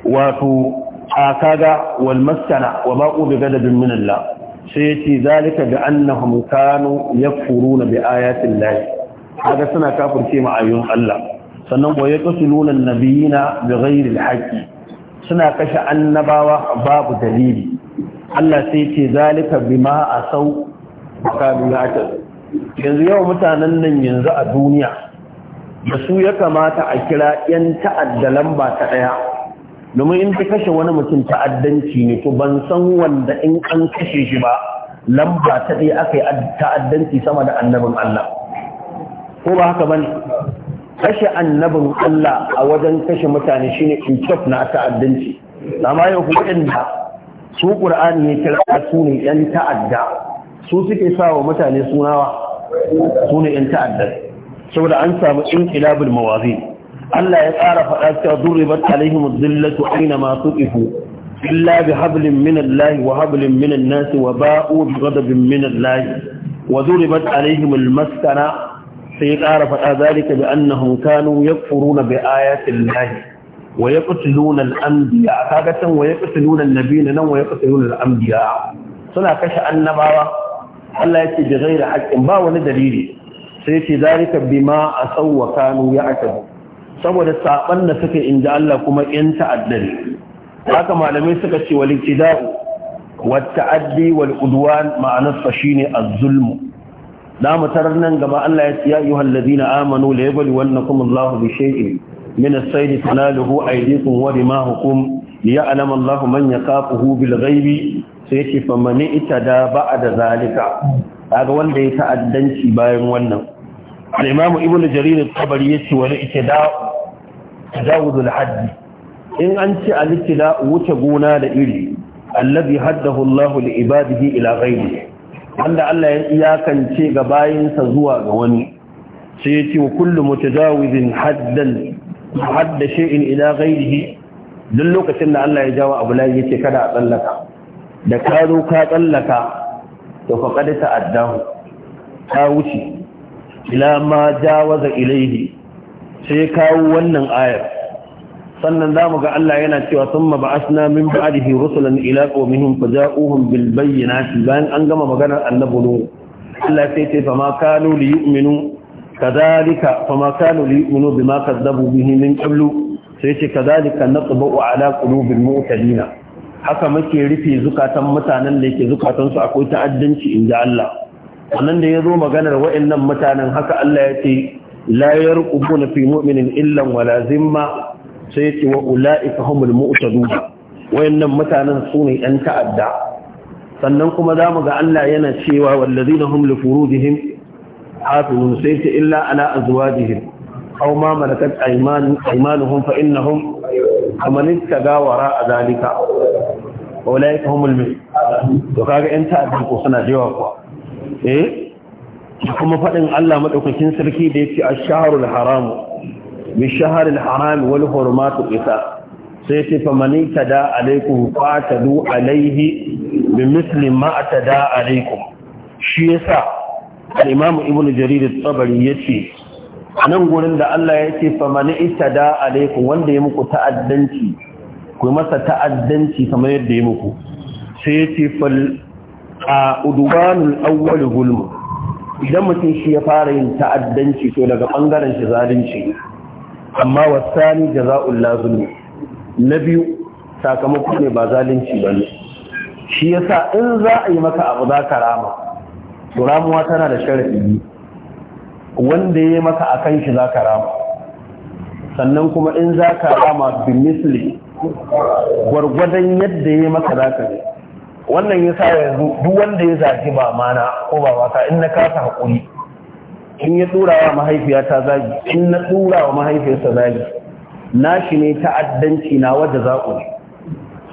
wato a kaga wal maskana wa baqu bi gadabin min Allah sai ya ce zalika bi annahum kanu yakfuruna bi ayatin lahi kaga suna kafirce ma ayoyin Allah sannan wa yaqtuluna an bi ghairi al suna kashe annabawa babu dalili Allah sai ya ce zalika bima asau kanu ya'tadu yanzu yau mutanen nan yanzu a duniya da su ya kamata a kira 'yan ta'adda lamba ta ɗaya domin in ta kashe wani mutum ta'addanci ne to ban san wanda in an kashe shi ba lamba ta ɗaya aka yi ta'addanci sama da annabin Allah ko ba haka bane kashe annabin Allah a wajen kashe mutane shine inkif na ta'addanci amma yau kuma inda su Qur'ani ya kira su ne 'yan ta'adda su suke sa wa mutane sunawa su ne 'yan ta'addar saboda an samu in inqilabul mawazi Allah ya tsara faɗa cewa durribat alaihim dhillatu aina masu tuqifu illa hablin minan lahi, wa hablin minan an-nas wa ba'u bighadabin minan lahi. wa durribat alaihim al-maskana sai tsara faɗa zalika bi annahum ya yakfuruna bi ayati lahi. wa yaqtuluna al-anbiya kaga tan wa yaqtuluna an na nan wa yaqtuluna al-anbiya suna kashe annabawa Allah ya ce bi ghairi haqqin ba wani dalili sai ce zalika bima asaw wa kanu ya'tabu saboda saban da suka inda Allah kuma yan ta'addari haka malamai suka ce wal ibtida'u wa ta'addi wal udwan ma'anar sa az-zulmu da mu tarar nan gaba Allah ya ce ya ayyuhal ladina amanu la yabluwannakum Allahu bi shay'in min as-sayd tanaluhu aydikum wa rimahukum ya alama Allah man ya kafuhu bil ghaibi sai yake fa mani itada ba'da zalika kaga wanda ya ta'addanci bayan wannan al-imam ibn jarir at-tabari yace wani itida tajawuz al-hadd in an ce al-itida wuce gona da iri alladhi haddahu Allah li ibadihi ila ghaibi wanda Allah ya iyakance ga bayansa zuwa ga wani sai yace wa kullu mutajawizin haddan hadda shay'in ila ghaibihi duk lokacin da Allah ya jawo abu layi yake kada a tsallaka da ka zo ka tsallaka to fa kada ta addahu ta wuce ila ma jawaza ilaihi sai kawo wannan ayar sannan za mu ga Allah yana cewa sun ba'asna min ba'dihi rusulan ila qawmihim faja'uhum bil bayyinati bayan an gama maganar annabu nuhu Allah sai ce fa ma kanu li yu'minu kadhalika fa ma kanu li yu'minu bima kadzabu bihi min qablu sai ce kazalika natbu ala qulubil mu'tadina haka muke rufe zukatan mutanen da yake zukatansu akwai ta'addanci inda Allah wannan da zo maganar wa'annan mutanen haka Allah ya ce la yarqubuna fi mu'minin illa wala zimma sai ce wa ula'ika humul mu'tadun wayannan mutanen su ne ɗan ta'adda sannan kuma za mu ga Allah yana cewa wallazina hum li furujihim hafizun sai ce illa ala azwajihim aw ma malakat aymanuhum fa innahum kaman ittaga wara zalika ulai ka humul mai to kaga yan ta'addi ko suna jewa kuwa eh kuma fadin Allah madaukakin sarki da yake ash-shahrul haram bi shahril haram wal hurmatu qisa sai ce fa man tada alaikum fatadu alaihi bi alaikum shi yasa al ibnu jarir at yace a nan gurin da Allah ya ce famani ita da alaikum wanda ya muku ta'addanci ku masa ta'addanci kamar yadda ya muku sai ya ce fal a udubanul awwal gulm idan mutum shi ya fara yin ta'addanci to daga bangaren shi zalunci amma wasani jaza'ul lazimi na biyu sakamako ne ba zalunci bane shi yasa in za a yi maka abu za ka rama to ramuwa tana da sharadi wanda ya maka a kan shi za ka rama sannan kuma in za ka rama bin misli gwargwadon yadda ya maka za ka ne wannan ya sa yanzu duk wanda ya zagi ba mana ko ba wata in na kasa haƙuri in ya tura wa mahaifiyata zagi in na tura wa mahaifiyarsa zagi na shi ne ta'addanci na wadda za ku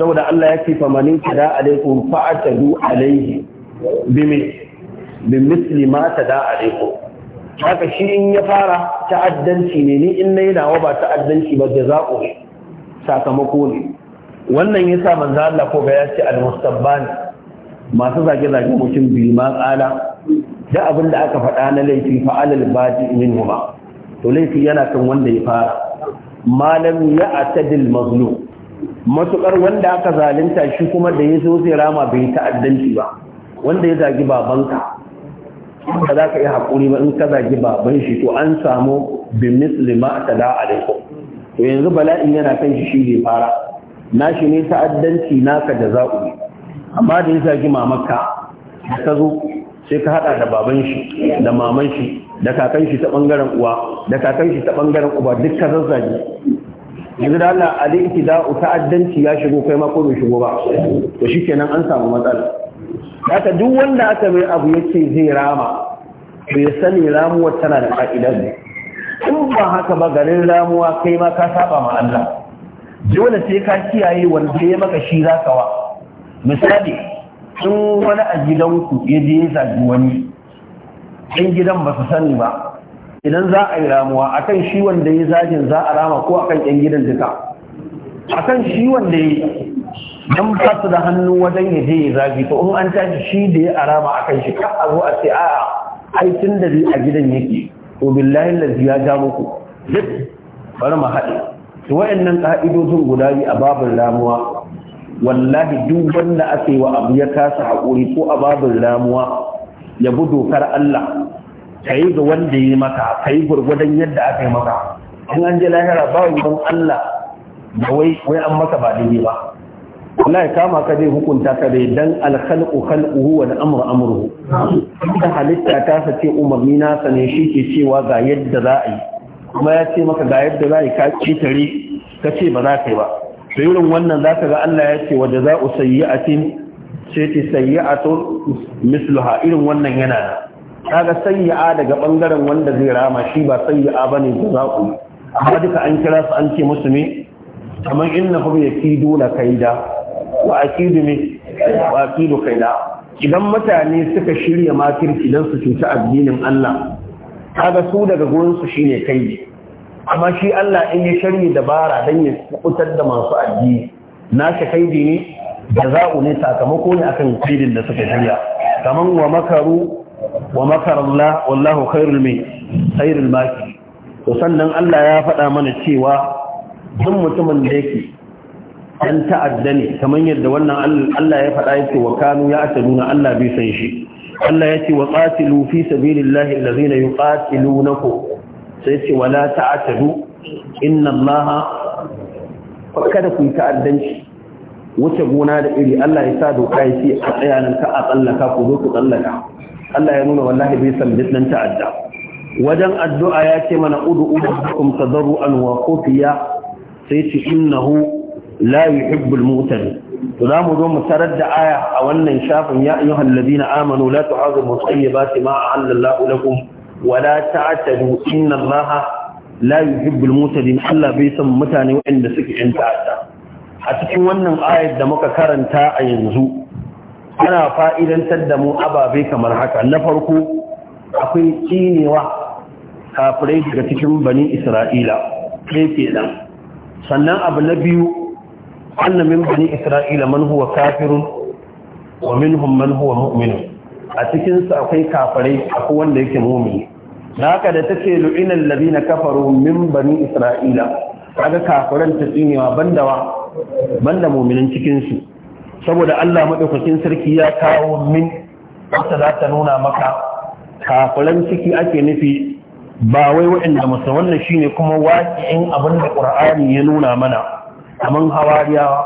saboda Allah ya ce fa manin kada alaikum fa'atadu alaihi bimi bin misli ma tada alaikum haka shi in ya fara ta'addanci ne ni in nayi nawa ba ta'addanci ba jaza'u ne sakamako ne wannan yasa manzo Allah ko ga ya ce al-mustabbani masu zage zage mutum biyu ma tsala da abin da aka faɗa na laifi fa alal min minhuma to laifi yana kan wanda ya fara malam ya atadil mazlum matukar wanda aka zalunta shi kuma da ya zo zai rama bai ta'addanci ba wanda ya zagi babanka ba za ka yi haƙuri ba in ka zagi baban shi to an samu bin ma ta da alaikum to yanzu bala'in yana kan shi shi ne fara na shi ne ta'addanci naka da za'u ne amma da ya zagi mamarka da ka zo sai ka haɗa da baban shi da maman shi da kakan shi ta ɓangaren uwa da kakan shi ta ɓangaren uba duk ka zazzage yanzu da Allah ali ta'addanci ya shigo kai ma ko bai shigo ba to shikenan an samu matsala haka duk wanda aka mai abu yake zai rama bai sani ramuwar tana da ka'idar ne in ba haka ba garin ramuwa kai ma ka saba ma Allah dole sai ka kiyaye wanda ya maka shi za wa misali in wani a gidanku ya je ya zagi wani in gidan ba su sani ba idan za a yi ramuwa kan shi wanda ya zagin za a rama ko a kan yan gidan duka kan shi wanda ya yi dan ba su da hannu wajen ya je ya zagi to in an tashi shi da ya arama a kan shi ka a zo a ce a'a ai tun da a gidan yake to billahi lazi ya ja muku duk bari mu haɗe to wa'annan ka'idojin guda biyu a babin ramuwa wallahi duk wanda aka yi wa abu ya kasa haƙuri ko a babin ramuwa ya bi dokar Allah ka yi ga wanda ya yi maka ka yi gwargwadon yadda aka yi maka in an je lahira ba ruwan Allah da wai an maka ba daidai ba Wala ya kama ka zai hukunta ka dai dan alkhalqu khalquhu wal amru amruhu ta halitta ta sace umarni na sane shi ke cewa ga yadda za a yi kuma ya ce maka ga yadda za a yi ka ci tare ka ce ba za ka yi ba to irin wannan za ka ga Allah ya ce wa jaza'u sayyi'atin sai ce sayyi'atu misluha irin wannan yana kaga sayyi'a daga bangaren wanda zai rama shi ba sayyi'a bane za ku amma duka an kira su an ce musu ne kamar innahu yakiduna kaida wa ne wa kai kaida idan mutane suka shirya makirci don su cuta addinin Allah kaga su daga gurinsu shi shine kai amma shi Allah in ya shirya dabara dan ya kutar da masu addini na shi kaidi ne jaza'u ne sakamako ne akan kaidin da suka shirya kaman wa makaru wa makar wallahu khairul mai khairul maki to sannan Allah ya faɗa mana cewa duk mutumin da yake an ta'adda ne kamar yadda wannan Allah ya faɗa yake wa kanu ya as-ta ataluna Allah bai san shi Allah ya ce wa qatilu fi sabilillahi allazina yuqatilunakum sai ce wala ta'tadu inna Allah kada ku ta'addanci wuce gona da iri Allah ya sa doka ya ce a tsaya nan ka a tsallaka ku zo ku tsallaka Allah ya nuna wallahi bai san bidan ta'adda wajen addu'a ya ce mana ud'u rabbakum tadarruan wa khufiya sai ce innahu la yuhibbul mu'tadi to za mu zo mu tarar da aya a wannan shafin ya ayyuhal ladina amanu la tu'azimu tayyibati ma ahallallahu lakum wa la ta'tadu inna allaha la yuhibbul mu'tadin Allah bai san mutane waɗanda suke yan ta'adda a cikin wannan ayar da muka karanta a yanzu ana fa'idantar da mu ababe kamar haka na farko akwai tsinewa kafirai daga cikin bani isra'ila kai kenan sannan abu na biyu anna min isra'ila man huwa wa minhum man huwa a cikin su akwai kafirai akwai wanda yake mu'mini da haka da take lu'inal ladina kafaru min bani isra'ila kaga kafiran ta tsinewa bandawa banda mu'minin cikinsu. saboda Allah madaukakin sarki ya kawo min wata za ta nuna maka kafiran ciki ake nufi ba wai waɗanda musa wannan shine kuma waƙi'in abin da ƙur'ani ya nuna mana kaman hawariyawa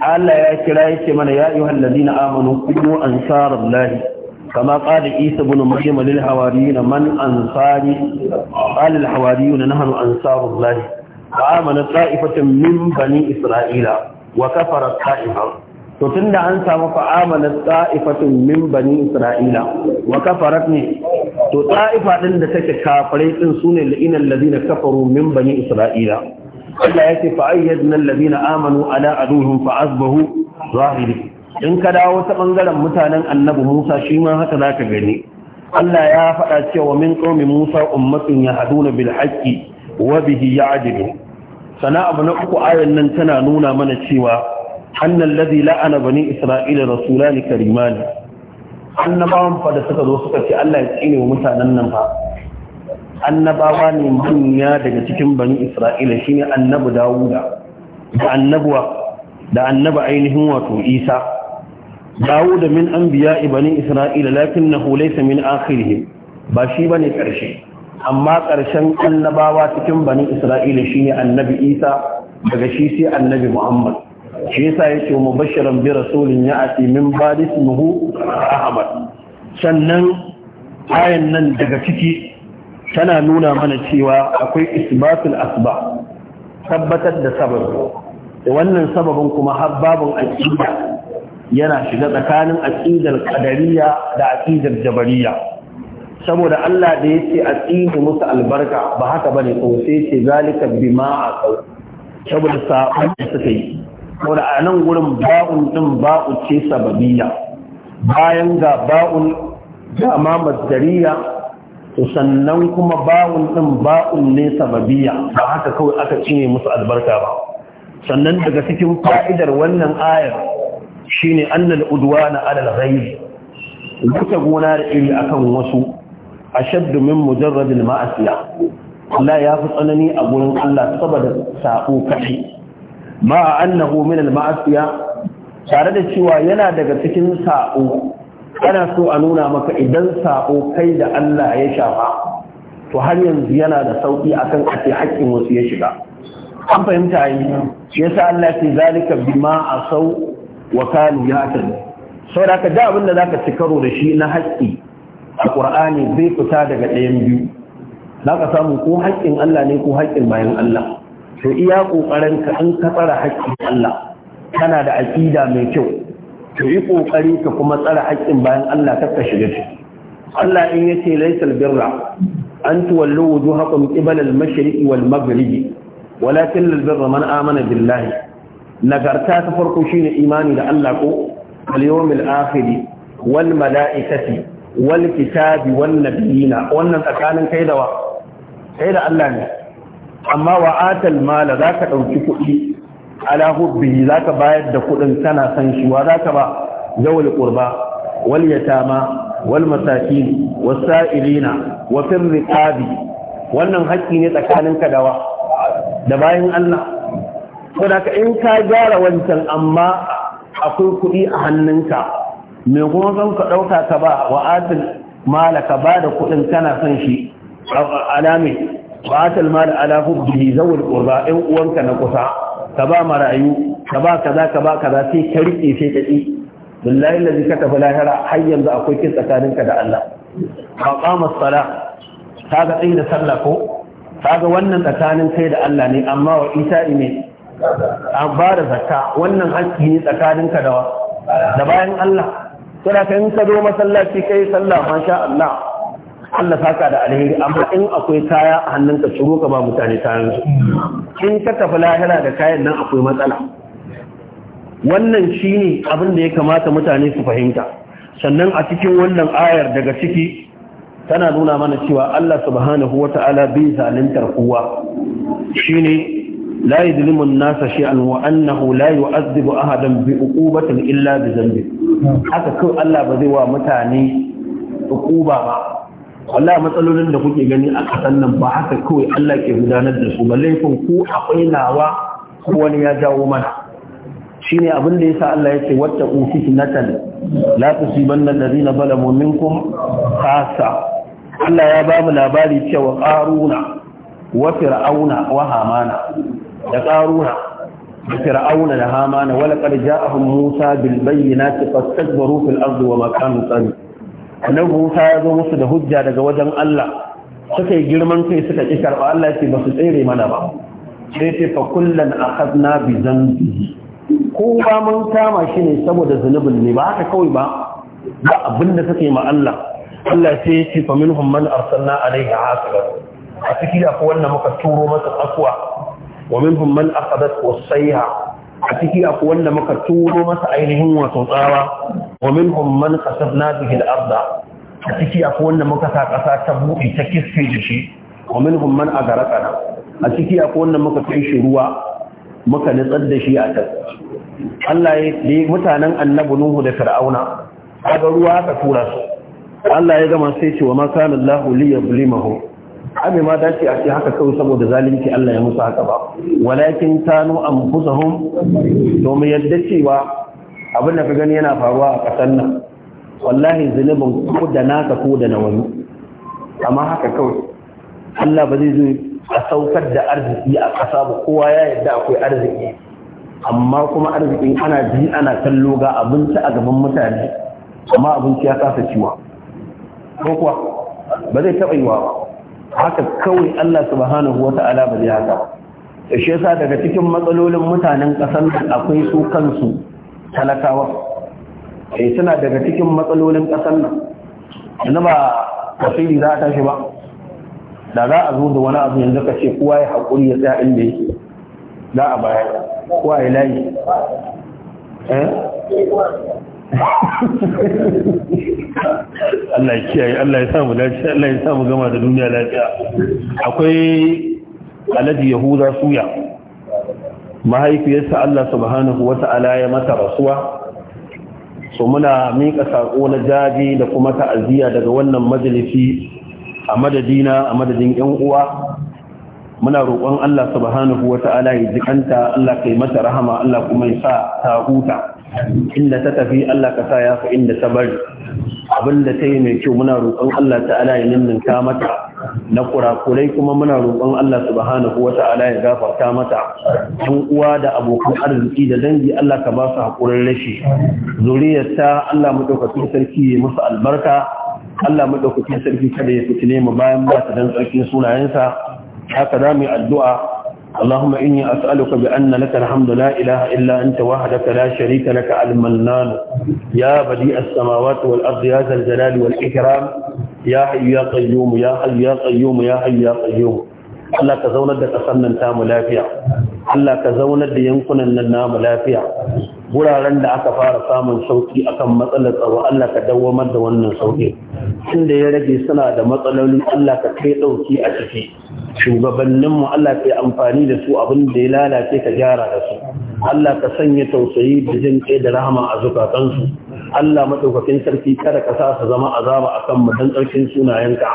Allah ya kira yake mana ya ayyuhal ladina amanu sarar lahi. kama qala Isa ibn Maryam lil hawariyin man an ansari na al an sarar lahi. fa amana ta'ifatan min bani isra'ila wa kafara ta'ifa to tunda an samu fa amana ta'ifatun min bani isra'ila wa kafarat ne to ta'ifa din da take kafirai din sune la'inal ladina kafaru min bani isra'ila Allah ya ce fa alladhina amanu ala aduhum fa asbahu zahiri in ka dawo ta bangaren mutanen annabi Musa shi ma haka zaka gani Allah ya faɗa cewa min qaumi Musa ummatun yahduna bil haqqi wa bihi ya'dilu sana abu na uku ayan nan tana nuna mana cewa Hannan ladhi la'ana bani isra'ila rasulani karimani annabawan fa da suka zo suka ce Allah ya tsine wa mutanen nan fa annabawa ne manya daga cikin bani isra'ila shine annabi dawuda da annabuwa da ainihin wato isa dawuda min anbiya bani isra'ila lakinnahu laysa min akhirihim ba shi bane karshe amma karshen annabawa cikin bani isra'ila shine annabi isa daga shi sai annabi muhammad shi yasa yake mubashiran bi rasulin ya'ti min ba'di ismihi ahmad sannan ayan nan daga ciki tana nuna mana cewa akwai isbatul asba tabbatar da sabab da wannan sababin kuma habbabin aqida yana shiga tsakanin aqidar qadariyya da aqidar jabariya. saboda Allah da yace aqidi musu albarka ba haka bane ko sai ce zalika bima aqaw saboda sabon da suka yi saboda a nan gurin ba'un din ba'u ce sababiyya bayan ga ba'un da ma masdariya sannan kuma ba'un ɗin ba'un ne sababiya ba haka kawai aka cinye musu albarka ba sannan daga cikin fa'idar wannan ayar shine annal na alal ghayb wuce gona da iri akan wasu ashadd min mujarrad ma'asiya Allah ya fi tsanani a gurin Allah saboda sao kaɗai ma annahu min al ma'asiya tare da cewa yana daga cikin sao ana so a nuna maka idan sabo kai da Allah ya shafa to har yanzu yana da sauki akan a ce haƙƙin wasu ya shiga an fahimta yi Ya sa Allah ce zalika bima sau wa kanu ya'tad saboda Sau da abin da zaka ci karo da shi na haƙƙi a ƙur'ani zai fita daga ɗayan biyu ka samu ko haƙƙin Allah ne ko haƙƙin bayan Allah to iya ƙoƙarin ka an ka tsara haƙƙin Allah kana da aƙida mai kyau ka yi ƙoƙari ka kuma tsara haƙƙin bayan Allah ka ka shiga ciki Allah in ya ce laysal birra an tuwallu wujuhakum haƙon al-mashriqi wal maghribi walakin lalbirra man amana billahi nagarta ta farko ne imani da Allah ko wal yawmil akhir wal malaikati wal kitabi wan nabiyina wannan tsakanin kai da wa kai da Allah ne amma wa atal mala zaka ɗauki kuɗi ala hubbihi zaka bayar da kudin kana san shi wa zaka ba zawul qurba wal yatama wal masakin was sa'ilina wa fir riqabi wannan haƙƙi ne tsakanin ka dawa da bayan Allah saboda in ka gyara wancan amma akwai kuɗi a hannunka me kuma zan ka ɗauka ka ba wa atil mala ba da kuɗin kana son shi alamin wa atil mala ala hubbihi zawul qurba ɗan uwanka na kusa ka ba marayu ka ba kaza ka ba kaza sai ka rike sai ka ƙi billahi lazi ka tafi lahira har yanzu akwai kin tsakaninka da Allah ba qama sala ka ga tsayi da sallah ko ka ga wannan tsakanin kai da Allah ne amma wa isa ne an ba da zakka wannan haƙƙi ne tsakaninka da wa. da bayan Allah kada ka in ka zo masallaci kai sallah masha Allah Allah saka da alheri amma in akwai kaya a hannunka ciro ka ba mutane kayan su in ka tafi lahira da kayan nan akwai matsala wannan shine abin da ya kamata mutane su fahimta sannan a cikin wannan ayar daga ciki tana nuna mana cewa Allah subhanahu wata'ala bai zaluntar kowa shine nasa يظلم الناس شيئا وانه لا يعذب احدا illa bi dhanbi haka ko Allah ba zai wa mutane uquba ba wallahi matsalolin da kuke gani a ƙasar nan ba haka kawai Allah ke gudanar da su ba laifin ku akwai nawa ko wani ya jawo mana shine abin da yasa Allah yake wata ufi natan la tusibanna alladhina zalamu ku? Kasa. Allah ya ba mu labari cewa ƙaruna, wa fir'auna wa hamana da ƙaruna, da fir'auna da hamana wala qad ja'ahum musa bil bayyinati fastakbaru fil ardi wa ma kanu annabi Musa ya zo musu da hujja daga wajen Allah suka yi girman kai suka ƙi karɓa Allah ce ba su tsere mana ba sai ce fa kullan akhadna bi zambihi ko ba mun kama shi ne saboda zunubin ne ba haka kawai ba ba abin da suka yi ma Allah Allah sai ya ce fa minhum man arsalna alaihi hasiba a ciki da ko wannan muka turo masa akwa wa minhum man akhadat wasayha a ciki akwai wanda muka turo masa ainihin wato tsawa wa min umman kasabna bihi al-ardh a ciki akwai wanda muka sa kasa ta buɗe ta kiske da shi wa min umman agarqana a ciki akwai wanda muka kai shi ruwa muka nitsar da shi a can Allah ya da mutanen annabi Nuhu da Fir'auna kaga ruwa aka tura su Allah ya gama sai ce wa ma kana abin ma dace a ce haka kawai saboda zalunci Allah ya musu haka ba walakin tanu anfusahum to domin yadda cewa abin da ka gani yana faruwa a ƙasar nan wallahi zunubin ko da naka ko da na wani amma haka kawai Allah ba zai zo a saukar da arziki a ƙasa ba kowa ya yadda akwai arziki amma kuma arzikin ana ji ana kallo ga abinci a gaban mutane amma abinci ya kasa ciwa ko kuwa ba zai taɓa yiwa ba haka kawai Allah subhanahu wata'ala ba zai haka da shi yasa daga cikin matsalolin mutanen ƙasar akwai su kansu talakawa eh suna daga cikin matsalolin ƙasar nan yanzu ba tafsiri za a tashi ba da za a zo da wani abu yanzu ka ce kowa ya haƙuri ya tsaya inda yake za a baya kowa ya layi eh Allah ya kiyaye Allah ya sa mu dace Allah ya sa mu gama da duniya lafiya akwai alaji yahuda suya mahaifiyarsa Allah subhanahu wata'ala ya mata rasuwa so muna mika sako na jaji da kuma ta'aziyya daga wannan majalisi a madadina a madadin yan uwa muna roƙon Allah subhanahu wata'ala ya jikanta Allah kai mata rahama Allah kuma ya sa ta huta inda ta tafi Allah ka sa ya fi inda ta bari abinda ta yi mai kyau muna roƙon Allah ta'ala ya ninninka mata na kurakurai kuma muna roƙon Allah subhanahu wa ta'ala ya gafarta mata ɗan uwa da abokan arziki da dangi Allah ka ba su haƙurin rashi zuriyarta Allah mu madaukakin sarki ya musu albarka Allah mu madaukakin sarki kada ya fitine mu bayan ba ta dan tsarkin sunayensa haka za mu yi addu'a اللهم إني أسألك بأن لك الحمد لا إله إلا أنت وحدك لا شريك لك المنان يا بديع السماوات والأرض يا ذا الجلال والإكرام يا حي يا قيوم يا حي يا قيوم يا حي يا قيوم Allah ka zaunar da ƙasar nan tamu lafiya Allah ka zaunar da yankunan nan namu lafiya wuraren da aka fara samun sauƙi akan matsalar tsaro Allah ka dawwamar da wannan sauki inda ya rage suna da matsaloli Allah ka kai ɗauki a ciki shugabanninmu Allah ka amfani da su abin da ya lalace ka gyara da su Allah ka sanya tausayi da jin kai da rahama a zukatansu Allah madaukakin sarki kada ka sa su zama azaba akan mu dan tsarkin sunayenka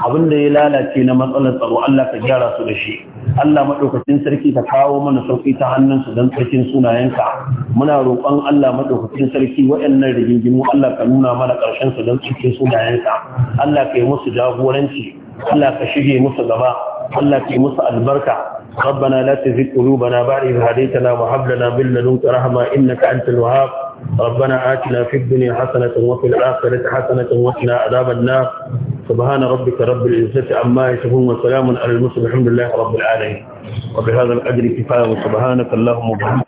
abin da ya lalace na matsalar tsaro Allah ka gyara su da shi Allah madaukakin sarki ka kawo mana sauƙi ta hannun su dan tsarkin sunayenka muna roƙon Allah maɗaukakin sarki waɗannan rigingimu Allah ka nuna mana ƙarshen su dan tsarkin sunayenka Allah ka yi musu jagoranci Allah ka shige musu gaba Allah ka yi musu albarka ربنا لا تزغ قلوبنا بعد إذ هديتنا وهب لنا من لدنك رحمة إنك أنت الوهاب ربنا آتنا في الدنيا حسنة وفي الآخرة حسنة وقنا عذاب النار سبحان ربك رب العزة عما يصفون وسلام على المرسلين الحمد لله رب العالمين وبهذا الأجر كفاية وسبحانك اللهم وبحمدك